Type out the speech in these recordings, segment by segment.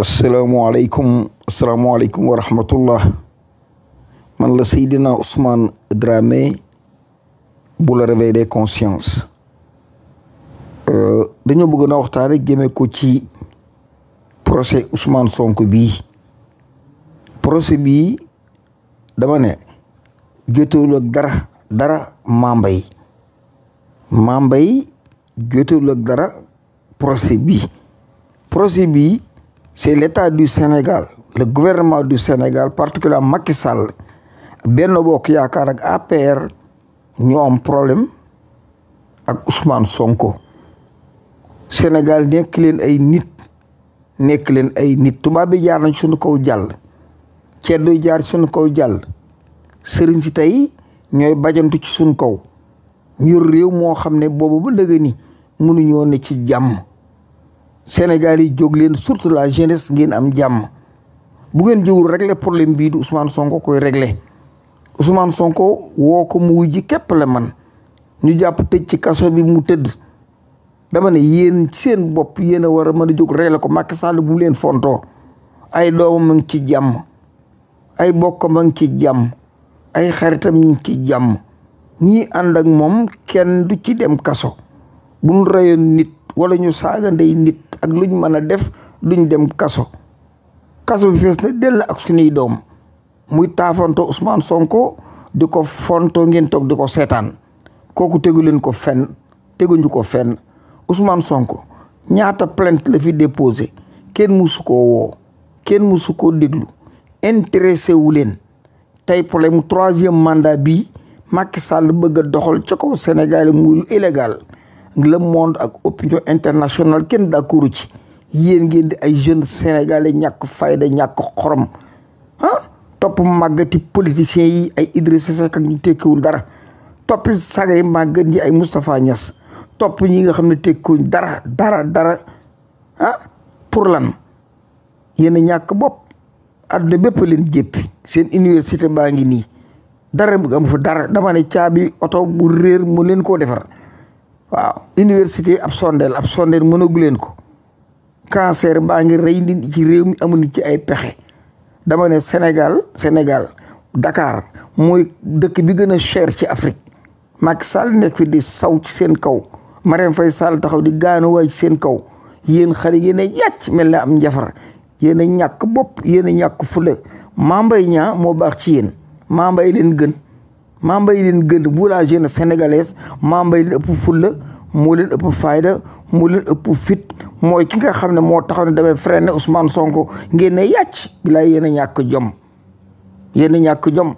asalaamualeykum asalaamualeykum wa rahmatullah man la Seydina Ousmane Dramé bu la réveil des euh, dañoo bëgg na waxtaane jëmee ko ci procès Ousmane Sonko bi procès bi dama ne jotul ak dara dara mambay mambay jotul ak dara procès bii procès bii c'est l'État du Sénégal le gouvernement du Sénégal particulièrement Macky Sall Benno Bokk Yaakaar ak APR ñoo am problème ak usmaan Sonko Sénégal nekk leen ay nit nekk leen ay nit tubaab bi jaar nañ suñu kaw jàll ceddo jaar suñu kaw jàll sëriñ si tey ñooy bajantu ci suñu kaw ñur réew moo xam ne boobu ba dëgg ni mënuñoo ne ci jàmm Sénégal yi jóg leen surtout la jeunesse ngeen am jàmm bu ngeen jógul régler problème bii du Ousmane Sonko koy régler Ousmane Sonko woo ko mu wuy ji képp la man ñu jàpp tëj ci kaso bi mu tëdd dama ne yéen seen bopp yéen a war a mën a jóg régler ko Macky Sall bu mu leen fontoo ay doomam a ngi ci jàmm ay bokkam a ngi ci jàmm ay xaritam ngi ci jàmm ñii ànd moom kenn du ci dem kaso bu ñu rayoon nit walla ñu saaga ndey nit ak luñ mën a def duñ dem kaso kaso bi fees na dell ak sunuy doom muy taafanto Ousmane Sonko di ko fontoo ngeen toog di ko seetaan kooku tegu leen ko fenn teguñu ko fenn Ousmane Sonko ñaata plainte la fi déposé kenn musu koo woo kenn musu koo déglu intéressé wu leen tey problème mu troisième mandat bi Macky Sall bëgg a doxal ca kaw Sénégal muy illégal la monde ak opinion internationale kenn d'accordu ci yéen ngeen di ay jeunes sénégalais ñàkk fayda ñàkk xorom ah topp màggati politiciens yi ay Idrissa Seck ak ñu tekkiwul dara topp sagari màggat yi ay Moustapha Niass topp ñi nga xam ne tekkiwuñ dara dara dara ah pour lan yéen a ñàkk bopp adduna bépp leen jéppi seen université baa ngi nii dara mu am dara dama ne caabi oto bu réer mu leen koo defar waaw université ab sondeel ab sondeel mënagu leen ko cancer baa ngi rey nit ci réew mi amuñu ci ay pexe dama ne Sénégal Sénégal dakaar mooy dëkk bi gën a cher ci Afrique Macky Sall nekk fi di saw ci seen kaw Marème Faye Sall taxaw di gaanuwaay ci seen kaw yéen xale yéen a yàcc mel na am njafar yéen a ñàkk bopp yéen a ñàkk fula maa mbay ñaa moo baax ci yéen maa mbay leen gën Mame Mbaye leen gën vous la jeune sénégalaise Mame Mbaye ëpp fulla moo leen ëpp fayda moo leen ëpp fit mooy ki nga xam ne moo taxaw ne damay freiné Ousmane Sonko ngeen ne yàcc bilaay yéen a ñàkk jom yéen ñàkk jom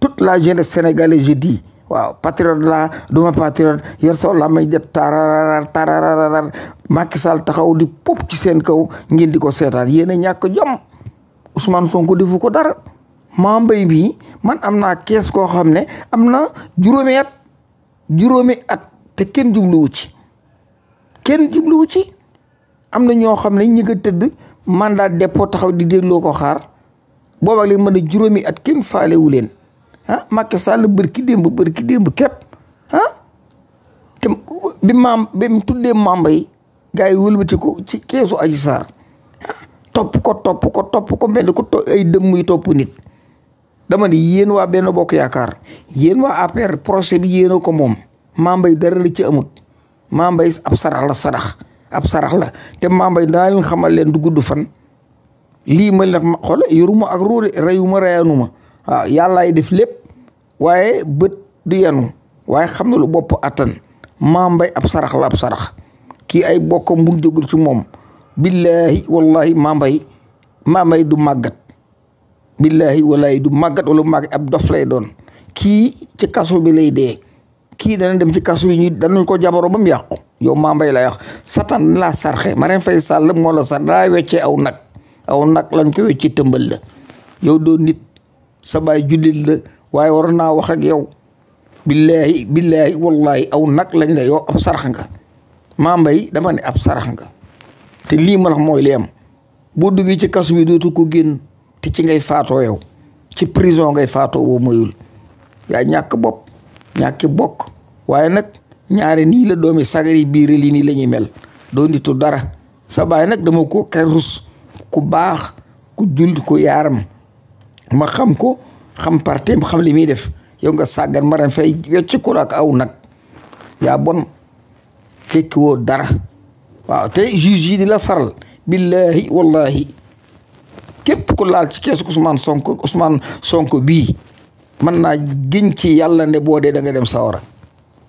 toute la jeune sénégalaise di waaw patriote la duma patriote yor soo la may def tararar tararar Macky taxaw di pop ci seen kaw ngeen di ko seetaan yéen a ñàkk jom Ousmane Sonko defu ko dara maa mbay bi man am naa kees koo xam ne am na juróomi at juróomi at te kenn jubluwu ci kenn jubluwu ci am na ñoo xam ne ñi nga tëdd mandat dépôt taxaw di delloo ko xaar boobaa léegi mën a juróomi at kenn faalewu leen ah Macky Sall bërki démb bërki démb képp ah te bi maam bi mu tuddee mamba yi gars yi wëlbati ko ci keesu Adji Sarr ah, topp ko topp ko topp ko mel ni ko ay dëmm yu topp nit dama di yéen waa benn bokk yaakaar yéen waa APR procès bi yéen ko moom mambay dara la ci amut mambay ab sarax la sarax ab sarax la te mambay daa xamal leen du gudd fan lii ma la ak ruude rayuma rayanuma waaw def lépp waaye bët du yenu waaye xam na lu bopp attan mambay ab sarax la sarax kii ay bokkam bu jógul ci moom billaahi wallahi mambay mambay du màggat billaahi wallaahi du màggat wala màgg ab dof lay doon kii ci kaso bi lay dee kii dana dem ci kaso yi ñu danañ ko jabaro ba mu yàqu yow maa mbay la yàqu satan laa sarxe Marème Faye Sall moo la sar daa weccee aw nag aw nag lañ ko weccee tëmbal la yow doo nit sa baay jullit la waaye waroon naa wax ak yow billaahi billaahi wallaahi aw nag lañ la yow ab sarax nga maa mbay dama ne ab sarax nga te lii ma wax mooy li am boo duggee ci kaso bi dootu ko génn te ci ngay faatoo yow ci prison ngay faato boo moyul yaa ñàkk bopp ñàkki bokk waaye nag ñaare nii la doomi sagari biir lii nii la ñuy mel doo nitu dara sa baay nag dama ko kerus ku baax ku jul ku yaaram ma xam ko xam partem xam li muy def yow nga sàggan maram fay wecc ko ak aw nag yaa bon tekki woo dara waaw te juge yi di la faral billahi wallahi képp ko laal ci keesu Ousmane Sonko Ousmane Sonko bii man naa giñ ci yàlla ne boo dee da nga dem sawara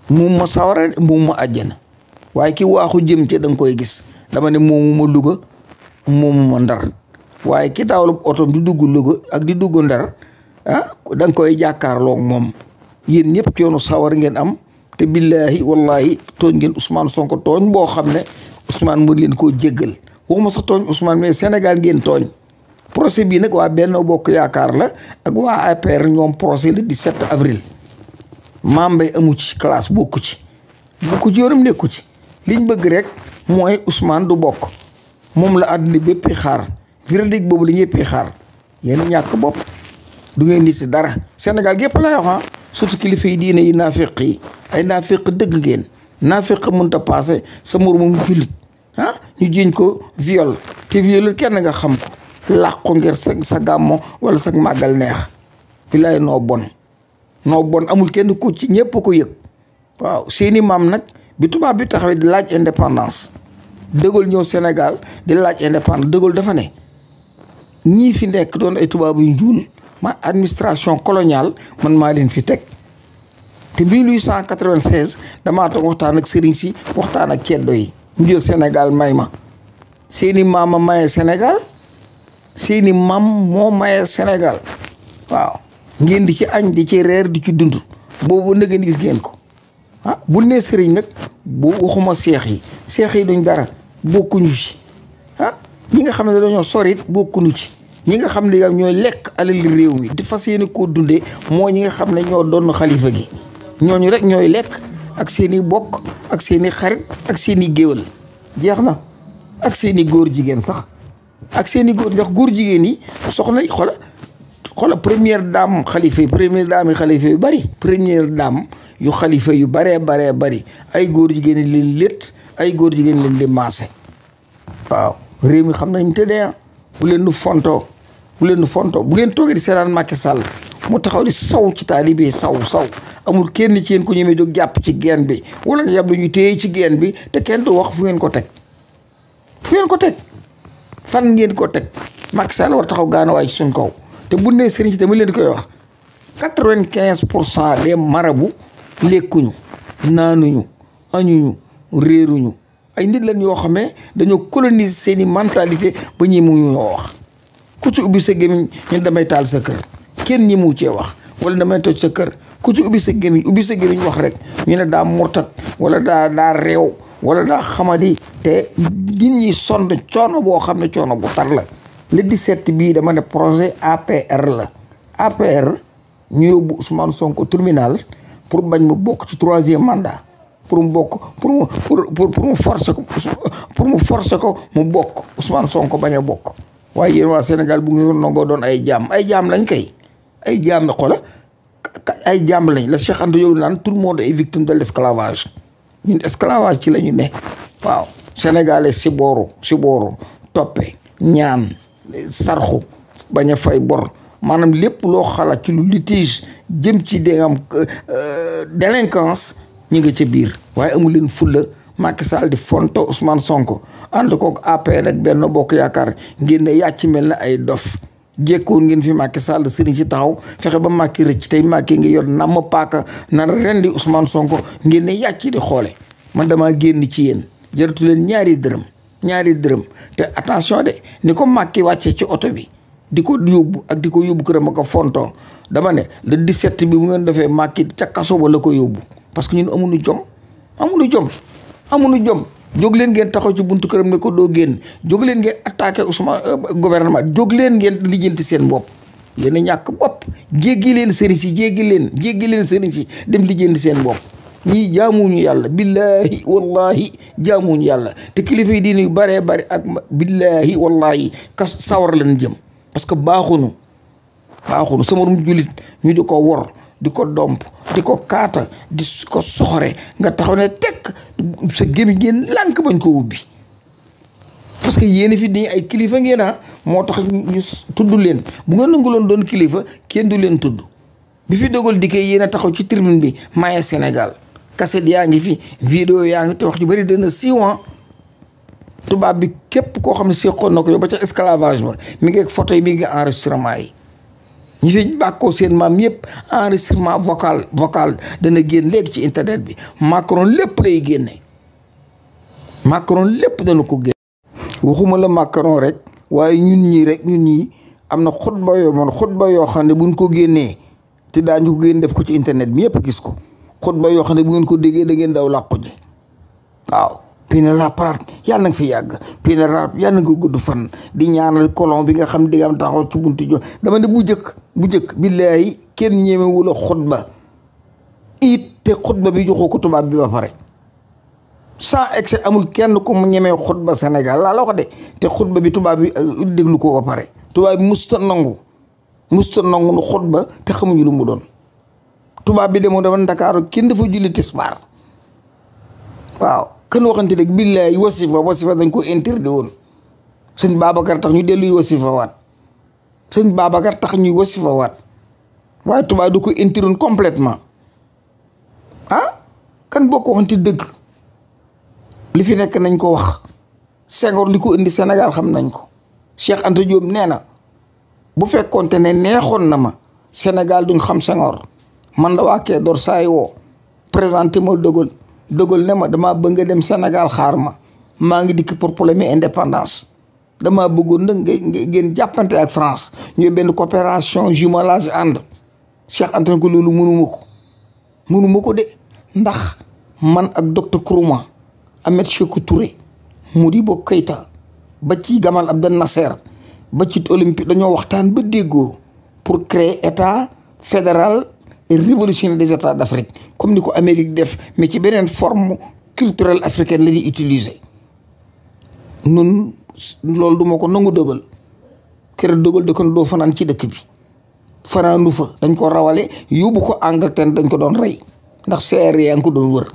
muum ma sawara muum ma àjjana waaye ki waaxu jëm ci da koy gis dama ne moomu ma Louga moomu ma Ndar waaye ki daawlu oto di dugg Louga ak di dugg Ndar danga ah, da nga koy jàkkaarloog moom yéen ñëpp yoonu sawar ngeen am te billahi wallahi tooñ ngeen Ousmane Sonko tooñ boo xam ne Ousmane mën leen koo jéggal waxuma sax tooñ Ousmane mais senegal ngeen tooñ procès bii nag waa Benno Bokk Yaakaar la ak waa APR ñoom procès le 17 avril Mame Mbaye amu ci classe bokku ci bokku ci yoonam nekku ci liñ bëgg rek mooy Ousmane du bokk moom la àdduna bépp xaar véridique boobu la ñëpp xaar yéen ñàkk bopp du ngeen nit dara senegal gépp lay wax ah kilifa yi diine yi naafiq yi ay naafiq dëgg ngeen naafiq mënut a passé sa mor moom jullit ah ñu jiñ ko viol te viol kenn nga xam làq ngir sa sa gàmmo wala sa màggal neex di lay noo bon noo bon amul kenn ku ci ñëpp ko yëg waaw seeni maam nag bi tubaab bi taxawee di laaj indépendance de Gaulle ñëw Sénégal di laaj indépendance de dafa ne ñii fi nekk doon ay tubaab yu njuul ma administration coloniale man maa leen fi teg te 1896 damaa toog waxtaan ak sëriñ si waxtaan ak ceddo yi mu jël Sénégal may ma seeni maama maye Sénégal seeni maam moo maye Sénégal waaw ngeen di ci añ di ci reer di ci dund boobu nag gis ngeen ko ah bu nee sëriñ nag bu waxuma seex yi seex yi duñ dara bokkuñu ci ah ñi nga xam ne dañoo sorit bokkuñu ci ñi nga xam ne ñooy lekk alali réew mi di fas yéene koo dundee moo ñi nga xam ne ñoo doon xalifa gi ñooñu rek ñooy lekk ak seeni bokk ak seeni i xarit ak seen i jeex na ak seen i góor jigéen sax ak seeni góor ndax góor jigéen yi soxna yi xola xola première dame xalifa yi première dame yi xalifa yu bari première dame yu xalifa yu baree baree bari ay góor jigéen yi leen létt ay góor jigéen leen di maase waaw réew mi xam nañ tëddee bu leen nu fontoo bu leen nu bu ngeen toogee di seetaan Macky Sall mu taxaw di saw ci taalibe saw saw amul kenn ci yéen ku ñemee jóg jàpp ci gen bi wala nga yàb lu ñu téye ci geen bi te kenn du wax fu ngeen ko teg fu ngeen ko teg fan ngeen ko teg Macky Sall war taxaw gaanawaay ci suñ kaw te bu nee sëriñ si dama leen koy wax quatre-vingt-quinze pour cent des marabu lekkuñu naanuñu añuñu réeruñu ay nit lañ yoo xam ne dañoo coloniser seeni mentalité ba ñi mu wax ku ci ubbi sa gémmiñ ñu damay taal sa kër kenn ñi mu cee wax wala damay toj sa kër ku ci ubbi sa gémmiñ ubbi sa gémmiñ wax rek ñu ne daa murtat wala daa daa réew wala daa xamadi te nit ñi sonn coono boo xam ne coono bu tar la le 17 bii dama ne projet APR la APR ñu yóbbu Ousmane Sonko tribunal pour bañ mu bokk ci troisième mandat pour mu bokk pour mu pour pour mu forcer ko pour mu forcer ko mu bokk Ousmane Sonko bañ a bokk waaye yéen waa bu ngeen nangoo doon ay jaam ay jaam lañ kay ay jaam la xoola ay jaam lañ la Cheikh Anta yow naan tout le monde est victime de l' esclavage ñun esclavage ci la ñu ne waaw sénégalais si booru toppe ñaan sarxu bañ a fay bor maanaam lépp loo xalaat ci lu litige jëm ci dégam euh, délinquance ñu ngi ca biir waaye amu leen fulla Macky Sall di fonto Ousmane Sonko ànd kook APR rek benn bokk yaakaar ngeen ne yàcc mel na ay dof jékkoon ngeen fi Macky Sall sëriñ si taxaw fexe ba Macky rëcc tey Macky ngi yor nam ma paaka nar rendi Ousmane Sonko ngeen ne yàcc di xoole man damaa génn ci yéen jaratu leen ñaari dërëm ñaari dërëm te attention de ni ko Macky wàcce ci oto bi di ko yóbbu ak di ko yóbbu këram ak a fontoo dama ne le 17 bi bu ngeen defee Macky ca kaso ba la ko yóbbu parce que ñun amuñu jom amuñu jom amuñu jom jóg leen ngeen taxaw ci buntu këram ne ko doo génn jóg leen ngeen attaqué Ousmane euh, gouvernement jóg leen ngeen lijjanti seen bopp yéen a ñàkk bopp jéggi leen sëriñ si jéggi leen jéggi leen sëriñ si dem lijjanti seen bopp ñii ñu yàlla billahi wallahi jaamuñu yàlla te kilifa yi diine yu baree bari ak billahi wallahi kas sawar leen jëm parce que baaxunu baaxunu sama rum jullit ñu di ko wor di ko domp di ko kaata di ko soxore nga taxaw ne tek sa gémmiñ ngeen lànk bañ ko ubbi parce que yéen fi di ay kilifa ngeen ah moo tax tudd leen bu nga nanguloon doon kilifa kenn du leen tudd bi fi dogal dikkee yéen a taxaw ci tribune bi maaye Sénégal kaset yaa ngi fi vidéo yaa ngi te wax ju bëri dana siiwan ah. tubaab bi képp koo xam ne seqoon na ko yow ba ca esclavage ba mi ngi ak photo yi mi ngi enregistrement yi ñi fi bàkkoo seen maam yëpp enregistrement vocal vocal dana génn léegi ci internet bi Macron lépp lay génne Macron lépp dana ko génne waxuma la Macron rek waaye ñun ñi rek ñun ñi am na xutba yoo man xutba yoo xam ne buñ ko génnee te daañu ko génn def ko ci internet bi yëpp gis ko xutba yoo xam ne bu ngeen ko déggee da ngeen daw làqu ji waaw pina la parat yàlla na fi yàgg pina la yàlla na nga gudd fan di ñaanal kolon bi nga xam di nga am taxaw ci buntu jo dama ne bu jëkk bu jëkk billaahi kenn ñemewu la xutba it te xutba bi joxoo ko bi ba pare sans excès amul kenn ku mu ñemee xutba Sénégal laa la ko de bi tubaab bi euh, déglu ko ba pare tubaab bi musta nangu musta nangu lu xutba te xamuñu lu mu doon tubaab bi demoo dama Ndakaaru kenn dafa julli tisbaar waaw kan waxante dëgg billaay wasifa wasifa dañ ko interdit woon sëñ Babacar tax ñu delluy wasifa waat sëñ Babacar tax ñuy wasifa waat waaye tubaab du ko interdit woon ah kan boo waxante dëgg li fi nekk nañ ko wax Senghor li ko indi Sénégal xam nañ ko Cheikh Anta Diop nee na bu fekkoonte ne neexoon na ma Sénégal duñ xam Senghor man la waa Kédor saay woo présenté moo dogal dogal ne ma damaa bëgg nga dem Sénégal xaar ma maa ngi dikk pour problème indépendance damaa bëggoon nag ngeen jàppante ak France ñooy benn coopération jumelage ànd Cheikh Anta ko loolu mënuma ko mënuma ko de ndax man ak docteur Kourouma Ahmed mu di Modibo Keïta ba ci Gamal Abdel Nasser ba ci olympique dañoo waxtaan ba déggoo pour créer état fédéral révolutionner des états d'Afrique comme ni ko Amérique def mais ci beneen forme culturel africain la ñuy utiliser nun loolu duma ko nangu dëggal kër dëggal ko doo fanaan ci dëkk bi fanaanu fa dañ ko rawale yóbbu ko Angleterre dañ ko doon rey ndax seer yaa ngi ko doon wër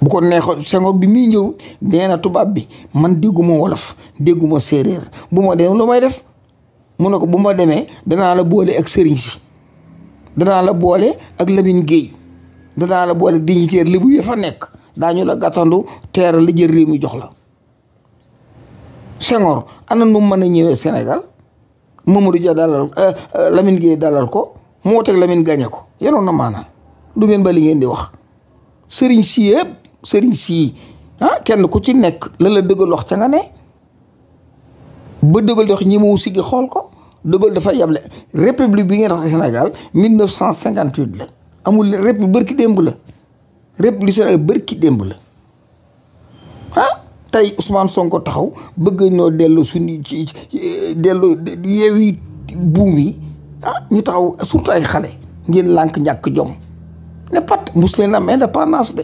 bu ko neexoon Senghor bi muy ñëw nee na tubaab bi man dégguma wolof dégguma séeréer bu ma dem lu may def mu ne ko bu ma demee danaa la boole ak sëriñ si danaa la boole ak Lamine Guèye danaa la boole dignitaire li bu ya fa nekk daañu la gàttandu teera la jël réew jox la Senghor ana nu mën a ñëwee Sénégal Mamadou Dia dalal euh, euh, Lamine Guèye dalal ko moo teg Lamine gañe ko yenoon na maanaam du ngeen ba li ngeen di wax sëriñ si yëpp sëriñ si ah kenn ku ci nekk la la dëggal wax ca nga ne ba dëggal wax ñi mu siggi xool ko de Gaulle dafa yable république bi ngeen wax Sénégal 1958 la amul république bërki démb la république Sénégal bërki démb la ah tey Ousmane Sonko taxaw bëgg ñoo dellu su ci dellu yeewi buum yi ah ñu taxaw surtout ay xale ngeen lank ñàkk jom ne pat mus leen am indépendance de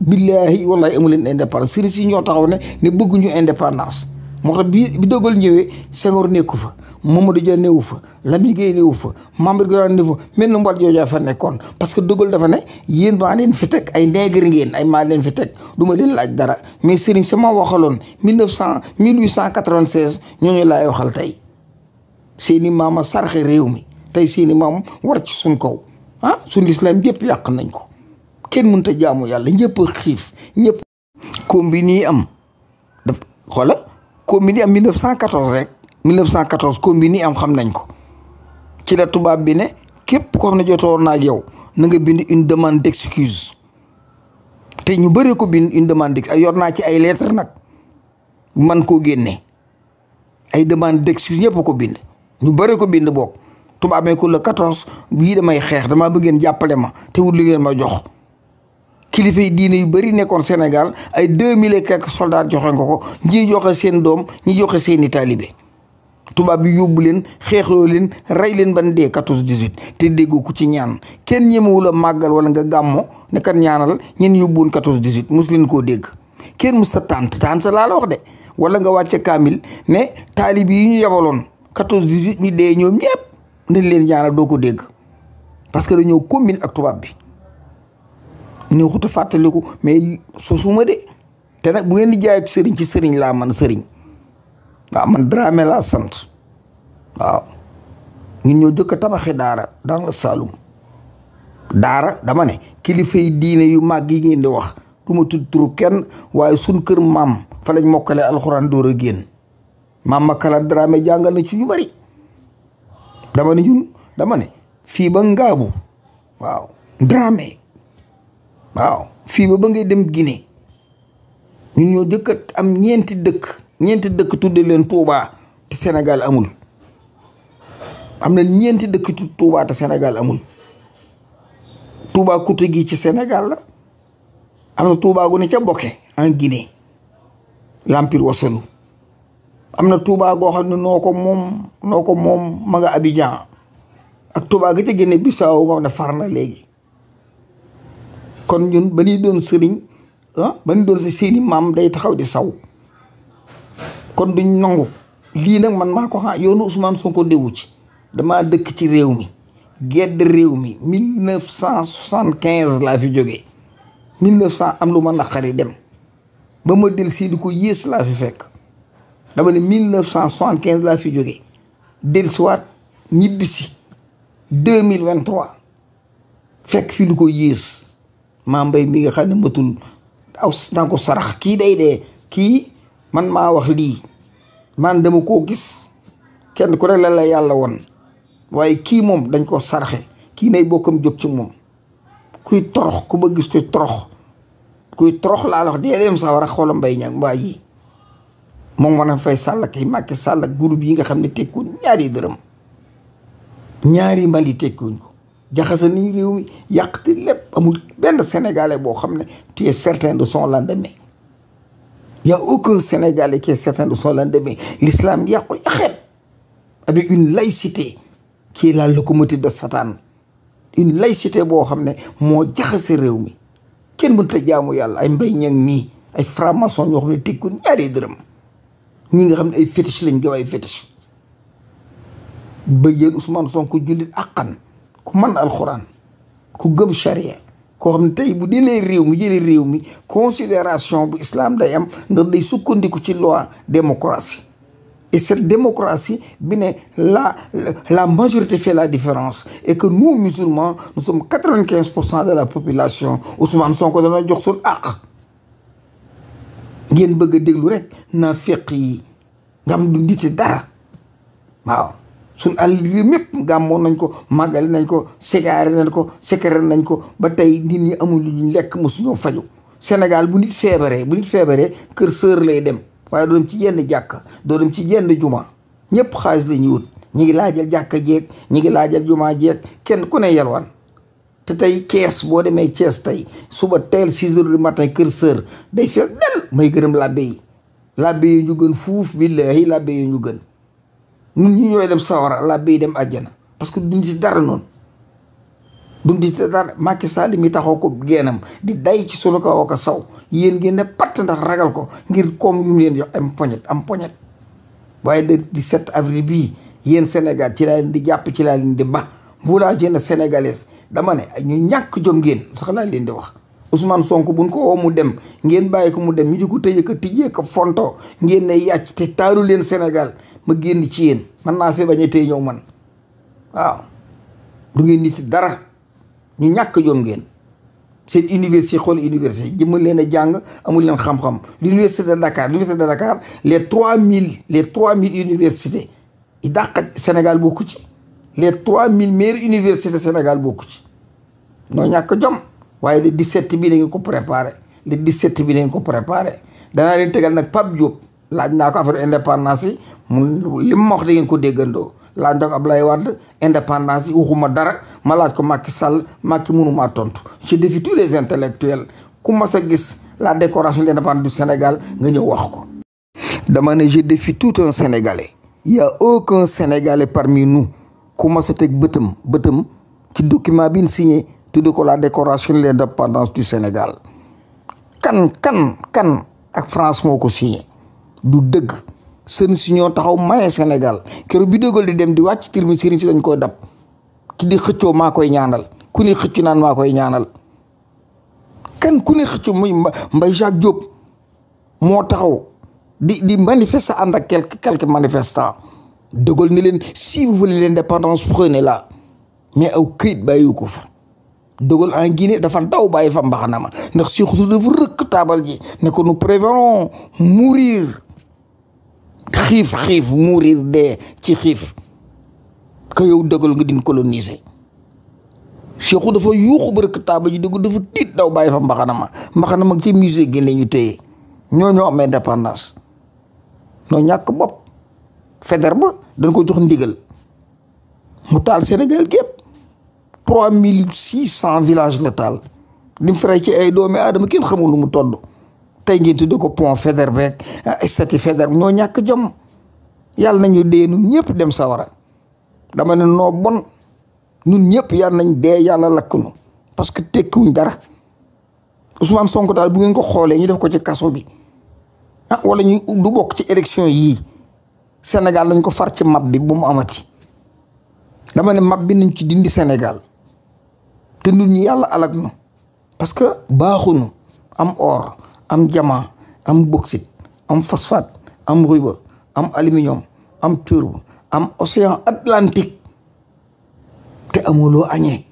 billaahi wallahi amu leen indépendance sëriñ si ñoo taxaw ne ne bëgguñu indépendance moo tax bi bi dogal ñëwee Senghor nekku fa moom ma Mamadou Dia newu fa Lamine Gueye newu fa Mamadou Dia ne fa mel na mboot joojaa fa nekkoon parce que dogal dafa ne yéen maa leen fi teg ay nègre ngeen ay maa leen fi teg du leen laaj dara mais Serigne sama waxaloon mille neuf cent mille huit cent quatre vingt laay waxal tey seeni maama sarxe réew mi tey seeni maam war ci suñ kow ah suñ lislaam yëpp yàq nañ ko kenn mënta jaamu yàlla ñëpp xiif ñëpp koom bi nii am xoola combine yi am 1914 rek 1914 combine yi am xam nañ ko ci la tubaab bi ne képp ko xam ne jotoo woon naa ak na nga bind une demande d'excuse te ñu bëree ko bind une demande d'excuse yor naa ci ay lettres nag man koo génne ay demande d'excuse ñëpp ko bind ñu bëree ko bind boog tubaab mee ko le 14 bii damay xeex damaa bëggeen jàppale ma te wut li ngeen ma jox kilifa yi diine yu bëri nekkoon Sénégal ay deux mille et quelques soldats joxe nga ko ñi joxe seen doom ñi joxe seeni taalibe tubaab bi yóbbu leen xeexloo leen rey leen ban dee quatorze dix-huit te déggoo ku ci ñaan kenn ñemewul a màggal wala nga gàmmo ne kat ñaanal ñeen yóbbuwoon quatorze dix-huit mos leen koo dégg kenn mu sa tànt tànt sa la wax de wala nga wàcce kaamil ne taalib yi ñu yabaloon quatorze dix-huit ñi dee ñoom ñëpp nañ leen ñaanal doo ko dégg parce que dañoo commune ak tubaab bi ñu xutu fàttaliku mais sosuma de te nag bu ngeen di jaay ak sëriñ ci sëriñ laa man sëriñ waaw man Dramé laa sant waaw ñun ñoo jëkk a tabaxi daara dans le daara dama ne kilifa diine yu màgg yi ngeen di wax du ma kenn waaye suñ kër maam fa lañ mokkale alxuraan door a génn maam kala drame jàngal na ci ñu bari damane ne ñun dama ne fii ba ngaabu waaw Dramé waaw fii ba ba ngay dem Guinée ñu ñoo jëkkat am ñeenti dëkk ñeenti dëkk tudde leen Touba te Sénégal amul am na ñeenti dëkk tu Touba amul Touba kute gi ci senegal la am na Touba gu ne ca Boké en Guinée am na Touba goo xam ne noo ko moom noo ko moom ma nga Abidjan ak Touba gi te Guinée Bissau nga xam ne far na léegi kon ñun ba ñuy doon sëriñ ah ba ñuy doon si seeni maam day taxaw di saw kon duñ nangu lii nag man maa ko xam yoonu Ousmane Sonko déwu ci damaa dëkk ci réew mi gedd réew mi mille cent soixante laa fi jógee mille neuf am lu ma naqari dem ba ma del si di ko yées laa fi fekk dama ne mille neuf cent soixante laa fi jógee del siwaat ñibbisi deux fekk fi lu ko yées maa mbay mi nga xam ne matul aw ko sarax kii day de kii man maa wax lii man dama koo gis kenn ku ne la la yàlla woon waaye kii moom dañ ko saraxe kii nay bokkam jóg ci moom kuy torox ku ba gis kuy torox kuy torox laa wax war a xoolam mbay ñag yi moom mën a fay sàll kay Macky Sall groupe yi nga xam ne tekkuñ ñaari dërëm ñaari mbali tekkuñ jaxase nii réew mi yàq te lépp amul benn sénégalais boo xam ne tu es certain de son lendemain y a aucun sénégalais qui est certain de son lendemain l'islam yàq ko yàqeet avec une laïcité qui est la locomotive de Satan une laïcité boo xam ne moo jaxase réew mi kenn mënut a jaamu yàlla ay mbay ñang mii ay franc-maçon ñoo xam ne tekku ñaari dërëm ñi nga xam ne ay fétiche lañ gëm ay fétiche ba son Ousmane jullit àqan ku man alxuraan ku gëm charia koo xam ne tey bu jëlee réew mi jëlee réew mi considération bu islaam day am ndax day sukkandiku ci loi démocratie et cette démocratie bi ne la la majorité fait la différence et que nous musulmans nous sommes quatre-vingt-quinze pour cent de la population Ousmane Sonko dana jox suñu àq ngeen bëgg a déglu rek naa féq yi nga xam du nit dara waaw suñ àll réew mépp gàmmoon nañ ko màggali nañ ko ségaare nañ ko sékare nañ ko ba tey nit ñi amuñ lu ñu lekk mosuñoo faju Sénégal bu nit feebaree bu nit feebaree kër sër lay dem waaye doo dem ci yenn jàkka doo dem ci yenn juma ñëpp xaalis la ñuy wut ngi laajal jàkka jeeg ñi ngi laajal jumaa jeeg kenn ku ne yalwaan te tey kees boo demee Cees tey suba teel six heures du matin kër sër day fees del may gërëm labbe yi labbe yi ñu gën fuuf billaahi labbe yi ñu gën ñun ñu ñooy dem sawara la bay dem àjjana parce que duñ ci dara noonu duñ ci dara Macky Sall mi taxaw ko geenam di day ci sunu kaw ak saw yéen ngeen ne patt ndax ragal ko ngir koom yu leen jox am poñet am poñet waaye di set avril bii yéen Sénégal ci laa leen di jàpp ci laa leen di ba vous la jeunesse dama ne ñu ñàkk jom ngeen sax laa leen di wax Ousmane Sonko buñ ko woo mu dem ngeen bàyyi ko mu dem ñu di ko tëjee ko tijjee ko fonto ngeen ne yàcc te taaru leen Sénégal ma génn ci yéen man naa fee bañ a tey ñëw man waaw du ngeen nit si dara ñu ñàkk jom ngeen seen université xool université jëmmal leen a jàng amul leen xam-xam l'université de Dakar l'université de Dakar les trois mille les trois mille universités yi dàq Sénégal bokku ci les trois mille meilleures universités Sénégal bokku ci noo ñàkk jom waaye le 17 bi dañ ko préparé le 17 bi dañ ko préparé dana leen tegal nag Pape Diop laaj naa ko affaire indépendance yi mu li mu ma wax da ngeen ko déggandoo la na ko Ablaye Wade indépendance yi waxuma dara ma laaj ko Macky Sall Macky mënumaa tontu je défie tous les intellectuels ku mas a gis la décoration de l'indépendance du Sénégal nga ñëw wax ko. dama ne je tout un Sénégalais. y a aucun Sénégalais parmi nous ku mas a teg bëtam ci document bi ñu signé ko la décoration de l'indépendance du Sénégal. kan kan kan ak France moo ko signé du dëgg. sëriñ si ñoo taxaw maye Sénégal keroog bi dogal di dem di wàcc tribune sëriñ si dañ koo dab ki di xëccoo maa koy ñaanal ku ne xëccu naan maa koy ñaanal kan ku ne xëccu muy mba Jacques Diop moo taxaw di di manifester ànd ak quelque quelques manifestants dogal ni leen si vous voulez l'indépendance prenez-la mais aw këyit bàyyiwu ko fa dogal en Guinée dafa daw bàyyi fa mbaxana ma ndax Sékou Touré dafa rëkk taabal ji ne ko nous préférons mourir xiif xiif mourir dee ci xiif ka yow dëggal nga din coloniser Cheikhou dafa yuuxu ba rek taaba ji dugg dafa tiit daw bàyyi fa mbaxana ma mbaxana ma ci musée gi la ñu téye ñoo ñoo am indépendance noo ñàkk bopp feder ba dañ ko jox ndigal mu taal Sénégal gépp trois mille six cent villages la taal lim fere ci ay doomi aadama kenn xamul lu mu todd tey ngeen du ko pont Faidherbe ak ah, stade Faidherbe ñoo ñàkk jom yàlla nañu dee nun ñëpp dem sawara dama ne noo bon nun ñëpp yàlla nañ dee yàlla lakk nu parce que tekkiwuñ dara Ousmane Sonko daal bu ngeen ko xoolee ñu def ko ci kaso bi ah wala ñu du bokk ci élection yii senegal dañ ko far ci map bi bu mu amati dama ne map bi nañ ci dindi senegal te nun ñu yàlla alak nu parce que baaxu baaxunu am or am diamant am boxit am phosphate am ruba am aluminium am turbe am océan Atlantique te amuloo añee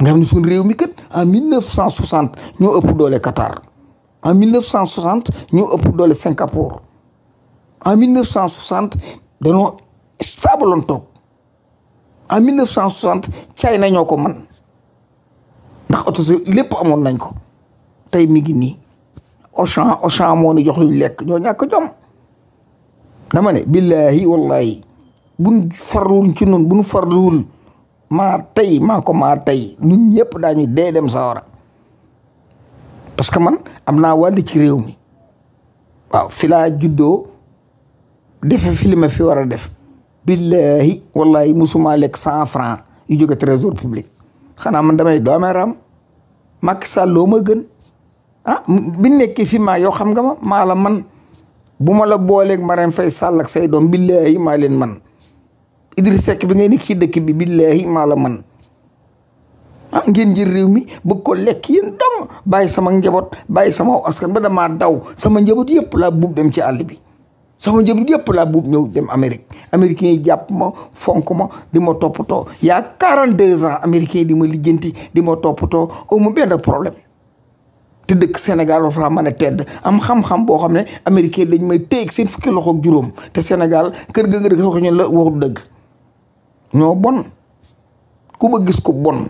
nga xam ne suñ réew mi kat en 1960 ñoo ëpp doole Qatar en 1960 ñoo ëpp doole Singapour en 1960 dañoo stable loon toog en 1960 China ñoo ko man ndax oto si lépp amoon nañ ko tey mi ngi nii Auchan Auchan moo ñu jox luñ lekk ñoo ñàkk jom dama ne billaahi wallaahi buñ farluwul ci noonu buñ farluwul maa tey maa maa tey ñun ñëpp daañu dee dem sawara parce que man am naa wàll ci réew mi waaw fi laa juddoo defe fi li ma fi war a def billaahi wallaahi musuma lekk cent franc yu jóge trésor public xanaa man damay doomeeraam Macky Sall loo ma ah bi nekkee fi maa yow xam nga ma maa la man bu ma la booleeg Marème Faye Sall ak say doom billaahi maa leen man Idriss Seck bi ngay nekk ci dëkk bi billaahi maa la man ah, ngeen jël réew mi bëgg ko lekk yéen dong bàyyi sama njaboot bàyyi sama askan ba damaa daw sama njaboot yëpp laa buub dem ci àll bi sama njaboot yëpp laa buub ñëw dem Amérique américains yi jàpp ma fonk ma di ma toppatoo yaa 42 ans américains yi di ma lijjanti di ma toppatoo amu benn problème te dëkk Sénégal war faa mën tedd am xam-xam boo xam ne américain lañ may téeg seen fukki loxo juróom te Sénégal kër ga nga dëkk sax ñu la waxu dëgg bon ku gis ko bon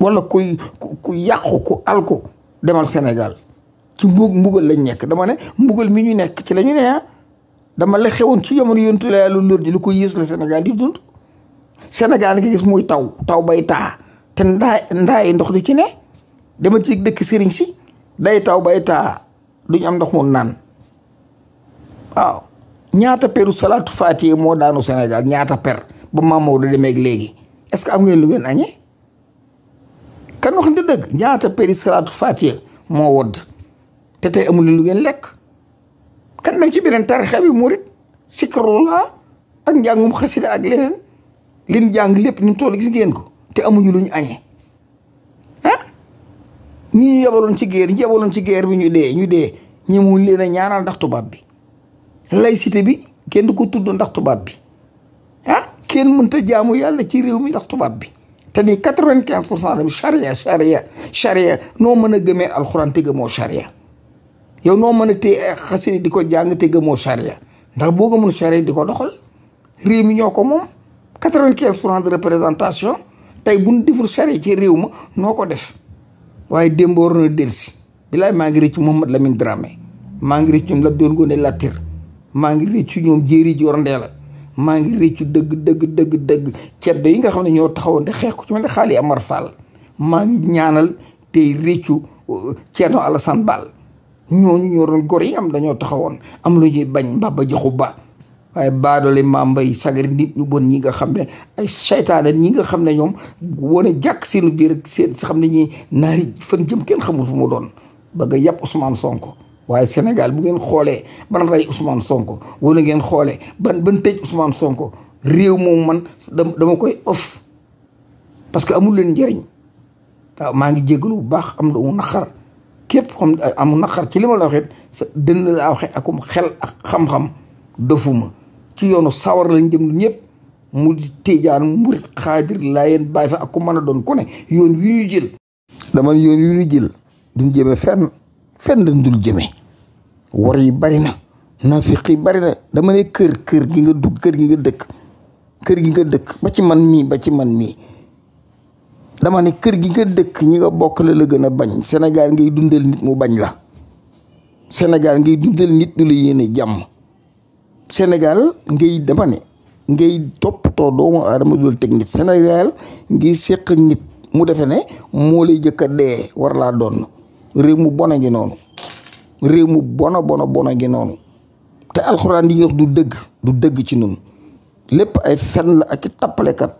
wala kuy ku yàqu alko demal Sénégal ci mbug mbugal lañ nekk dama ne mbugal mi ñu nekk ci la ñu ne ah. dama la xewoon ci jamono yontu la yàlla lóor ji lu ko yées la Sénégal di dund Sénégal nga gis muy taw taw bay taa te ndaa ndaayi ndox du ci ne demal ci dëkk sëriñ si day taw bay taa duñ am ndox mu naan waaw ñaata peru salaatu faati moo daanu Sénégal ñaata per ba Mamadou demee ak léegi est-ce que am ngeen lu ngeen añee kan wax nga dëgg ñaata peri salaatu faati moo wodd te tey amul lu ngeen lekk kan dem ci beneen tarixa bi murit sikarulaa ak njàngum xasida ak leneen lin jàng lépp ñu toll gis ngeen ko te amuñu luñ añee ñi ñu yabaloon ci guerre ñu ci guerre bi ñu dee ñu dee ñemewuñ leen a ñaanal ndax tubaab bi laïcité bi kenn du ko tudd ndax tubaab bi ah kenn mënta jaamu yàlla ci réew mi ndax tubaab bi te ni quatre-vingt-quinze pour cent dem charia charia noo mën a gëmee alxuraan te gëmoo charia yow noo mën a téye xasida di ko jàng te gëmoo charia ndax boo gëmul charia di ko doxal réew mi ñoo ko moom quatre-vingt-quinze pour cent de représentation tey bu ñu deful charia ci réew ma noo ko def waaye démb waroon a delsi bilaay maa ngi rëccu Mouhamad Lamine Dramé maa ngi rëccu ñoom la doon góone Latir maa ngi rëccu ñoom jéeri joor la maa ngi rëccu dëgg dëgg dëgg dëgg ceddo yi nga xam ne ñoo taxawoon te xeex ku ci mel ne Xaali Amar Fall maa ngi ñaanal tey rëccu uh, Thierno Alassane Ball ñooñu ñoo doon gor yi am dañoo taxawoon am lu ñuy bañ Mbaba Jaxu Ba waaye baadole maam mbay sagari nit ñu bon ñi nga xam ne ay seytaane ñi nga xam ne ñoom wane jàkk seen biir seen si xam ne ñi naari fan jëm kenn xamul fu mu doon bëgg a yàpp Ousmane Sonko waaye Sénégal bu ngeen xoolee ban rey Ousmane wala ngeen xoolee ban ban tëj Ousmane Sonko réew moom man dama koy off parce que amul leen njariñ waaw maa ngi jégalu bu baax am doo mu képp xam amu naqar ci li ma la waxee sa dënn laa waxee xel ak xam-xam dofuma ci yoonu sawar lañ jëm ñëpp mu di tijaan murit xaadir laayeen bàyyi fa ak ku mën a doon kone yoon wi ñu jël dama yoon wi jël duñ jëme fenn fenn dañ jëme war yi bari na nafiq yi bari dama ne kër kër gi nga dugg kër gi nga dëkk kër gi nga dëkk ba ci man mii ba ci man mii dama ne kër gi nga dëkk ñi nga bokk la la gën a bañ Sénégal ngi dundal nit mu bañ la senegal ngi dundal nit du la yéene jàmm Sénégal ngay dema ne ngay toppatoo doomu aadama dul teg nit Sénégal ngay séq nit mu defe ne moo lay jëkk a dee war laa doon réew mu bona ngi noonu réew mu bona bona bona ngi noonu te alxuraan yi nga du dëgg du dëgg ci nun lépp ay fenn la ak tappalekat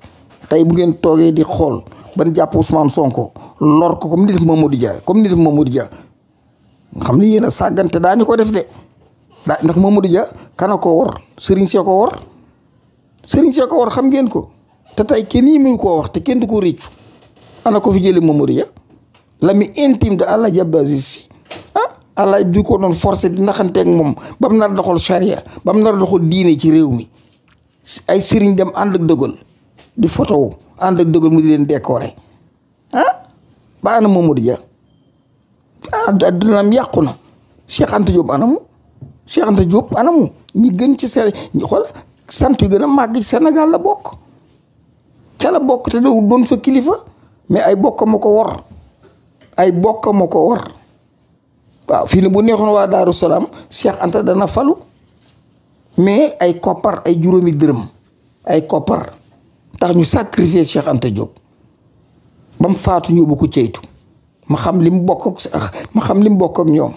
tey bu ngeen toogee di xool ba ban jàpp Ousmane Sonko lor ko comme ni def Mamadou comme ni def Mamadou Dia xam ni yéen a sàggante daañu ko def de daa ndax Mamadou Dia kana koo war Serigne see ko war xam ngeen ko te tey kenn yi mu koo wax te kenn du ko réccu ana ko fi jëlee Mamadou Dia la mi intime de Alaaji Abdou Aziz ah, ko doon forcé di naxanteeg moom ba mu nar doxal charia ba mu nar doxal diine ci réew mi ay sëriñ dem ànd ak dëggal di photo mu di leen décorer ah ba ana Mamadou Dia ah, yàqu na Cheikh anamu Cheikh Anta Diop anamu ñi gën ci seen sant yu gën a màgg ci la bokk cala bokk te doo doon fa kilifa mais ay bokkam ma ko war ay bokk ma ko war waaw fii ne bu neexoon waa Daaru Salaam Cheikh Anta dana falu mais ay koppar ay juróomi dërëm ay koppar tax ñu sacrifier Cheikh Anta bam faatu ñu bu ko ceytu ma xam li bokk ak ma xam li mu bokk ak ñoom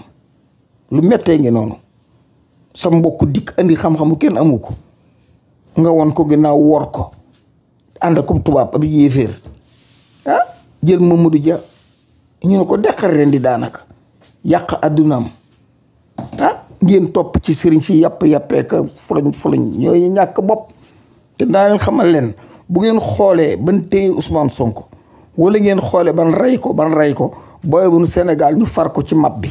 lu mettee ngi noonu sa mbokk dikk andi xam-xamu kenn amu ko nga won ko ginnaaw wor ko ànd akum tubaab a bi ah jël Mamadou ja ñu ne ko deqal ren di daanaka yàq addunaam ah ngeen topp ci sëriñ si yàpp yàppeeka fulañ fulañ ñooy ñàkk bopp te daa leen xamal leen bu ngeen xoolee ban téye Ousmane Sonko wala ngeen xoolee ban rey ko ban rey ko booy bu nu Sénégal ñu far ko ci map bi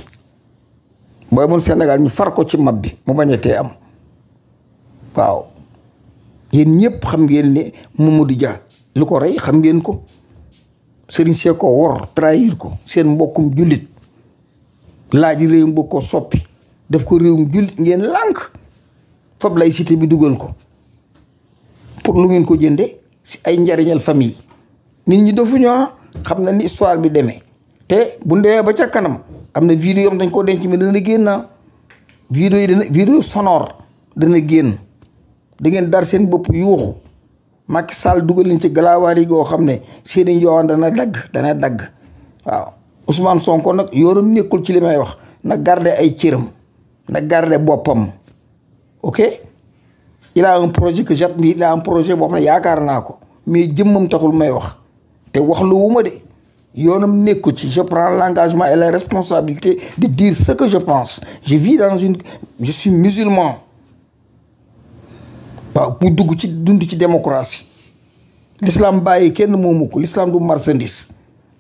booy mun Sénégal ñu far ko ci map bi mu bañ a tee am waaw yéen ñëpp xam ngeen ne Mamadou Dia lu ko rey xam ngeen ko Serigne Seck ko wor trahir ko seen mbokkum jullit laaj réewum bëgg ko soppi def ko réewum jullit ngeen lànk fab laïcité bi dugal ko pour lu ngeen ko jënde si ay njariñal famille nit ñi defuñu ah. xam na ni histoire bi demee te bu ndewee ba ca kanam am na vidéo am dañ koo denc mais dana génn na ah. vidéo yi dana vidéo sonore dana génn da ngeen dar seen bopp yuuxu Macky Sall dugal leen ci galaawaar yi goo xam ne seen i njoowaan dana dagg dana dagg waaw Ousmane Sonko nag yoonam nekkul ci li may wax na garde ay cëram na garde boppam ok il a un projet que j'admire il a un projet boo xam ne yaakaar naa ko mais jëmmam taxul may wax te wax lu ma de yoonam nekku ci je prends l'engagement et la responsabilité de dire ce que je pense je vis dans une je suis musulman waaw bu dugg ci dund ci démocratie l'islam bàyyi kenn moomu ko l'islam du marchandise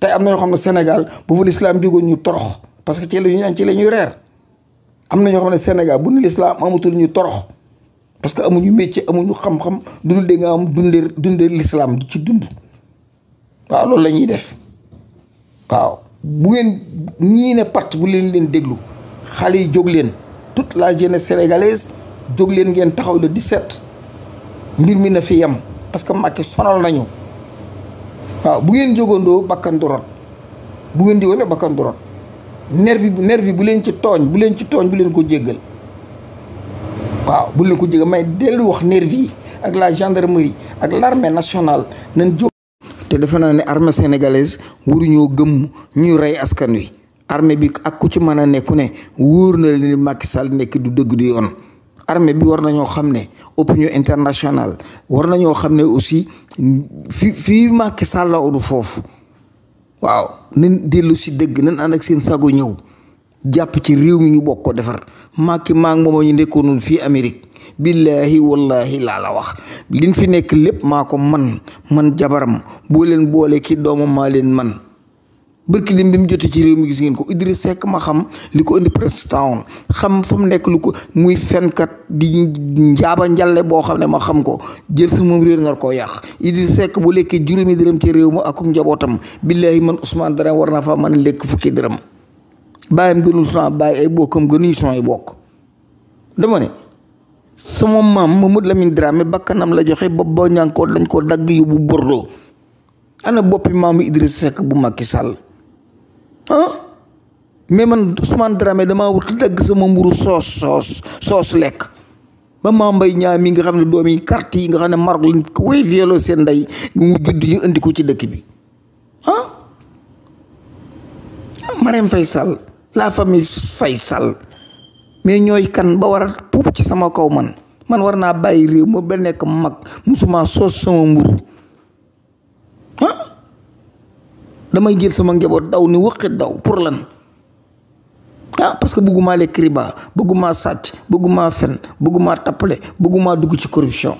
tey am na ñoo xam ne Sénégal bu fa l'islam jógoon ñu torox parce que ci la ñuy añ ci la ñuy reer am na xam ne Sénégal bu ne l'islam amatul ñu torox parce que amuñu métier amuñu xam-xam dul de nga am dunde dunde l'islam ci dund waaw loolu la ñuy def waaw bu ngeen ñii ne pat bu leen leen déglu xale yi jóg leen toute la jeunesse sénégalaise jóg leen ngeen taxaw la di set mbir mi na fi yem parce que Macky sonal nañu waaw bu ngeen jógandoo bakkan du bu ngeen jógandoo bakkan du nervi bu nervi bu leen ci tooñ bu leen ci tooñ bu leen ko jéggal waaw bu leen ko jéggal may dellu wax nervi yi ak la gendarmerie ak l'armée nationale nañ jóg te defe naa ne armée sénégalaise waruñoo gëmm ñuy rey askan wi armée bi ak ku ci mën a nekku ne wóor na leen ni Macky Sall nekk du dëgg du yoon armée bi war na ñoo xam ne opinion internationale war na ñoo xam ne aussi fi fii Macky Sall la odu foofu waaw nañ dellu si dëgg nañ ànd seen sago ñëw jàpp ci réew mi ñu bokk ko defar Macky maa ngi moom ñu nekkoonul fii Amérique billaahi wallaahi laa la wax liñ fi nekk lépp maa ko man man jabaram boo leen boole ki doomam maa leen man bërki lim bi mu jotee ci réew mi gis ngeen ko Idriss sekk ma xam li ko indi presse town xam fa mu nekk lu ko muy fenkat di njaaba njalle boo xam ne ma xam ko jël sama moom réew nar koo yàq Idriss sekk bu lekkee juróomi dërëm ci réew ma ak njabootam billaahi man Ousmane Dara war naa fa man lekk fukki dërëm bàyyam gënul son bàyyi ay bokkam gënuñu son sama maam Mamadou Lamine Dramé bakkanam la joxe bopp ba ñànkoo dañ koo dagg yóbbu Bordeaux ana boppi maamu Idriss Seck bu ki Sall ah mais man Ousmane Dramé dama wut dagg sama mburu soos soos soos lekk ba maa mbay ñaam yi nga xam ne doom yi carte yi nga xam ne Maroc lañ ko wéy seen ndey ñu judd ñu indi ko ci dëkk bi ah, ah Marème sal Sall la famille Faye Sall mais ñooy kan ba war a puub ci sama kaw man man war naa bàyyi réew ma ba nekk mag musuma soos sama mburu ah damay jël sama njaboot daw ni wëqit daw pour lan ah parce que bëgguma lekk riba bëgguma sàcc bëgguma fen bëgguma tappale bëgguma dugg ci corruption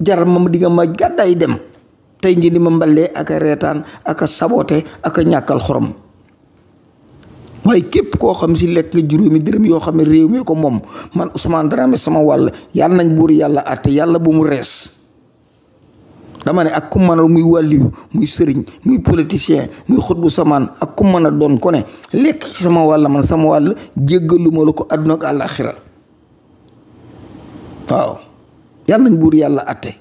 jar ma digga ma gàddaay dem tey ngi ni ma mbalee ak a reetaan ak saboote ak ñàkkal xorom waaye képp koo xam si lekk juróomi dërëm yoo xam ne réew mi ko moom man Ousmane Dramé sama wàll yàlla nañ buur yàlla àtte yàlla bu mu rees dama ak ku muy wàlliyu muy sëriñ muy politicien muy xut bu samaan ak ku mën a doon ko ne lekk ci sama man sama wàll jéggaluma la ko àdduna ak àllaaxira waaw yàlla nañ buur yàlla àtte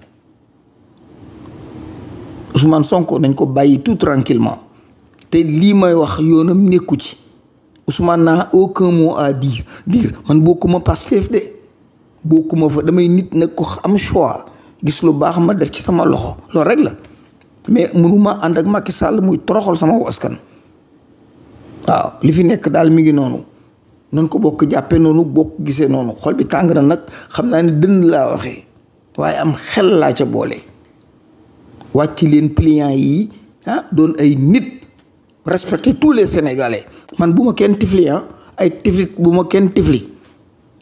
Ousmane Sonko nañ ko bàyyi tout tranquillement te lii may wax yoonam nekku ci Ousmane naa aucun mot à dire dire man bokkuma Pastef de bokkuma fa damay nit nag ko am choix gis lu baax ma def ci sama loxo loolu rek la mais mënuma ànd ak Macky Sall muy toroxal sama askan. waaw li fi nekk daal mi ngi noonu nan ko bokk jàppee noonu bokk gisee noonu xol bi tàng na nag xam naa ni dënn laa waxee waaye am xel laa ca boole wàcc leen clients yi ah doon ay nit respecter tous les Sénégalais. man bu ma kenn tifli ah ay tiflit bu ma kenn tifli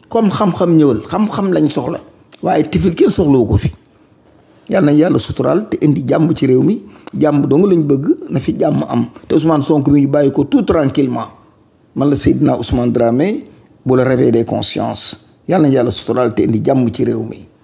comme xam-xam ñëwal xam-xam lañ soxla waaye tiflit kenn soxlawu ko fi yàlla nañ yàlla suturaal te indi jàmm ci réew mi jàmm dong lañu bëgg na fi jàmm am te Ousmane Sonko mi ñu bàyyi ko tout tranquillement man la Seydina Ousmane Dramé bu la réveil des consciences yàlla nañ yàlla suturaal te indi jàmm ci réew mi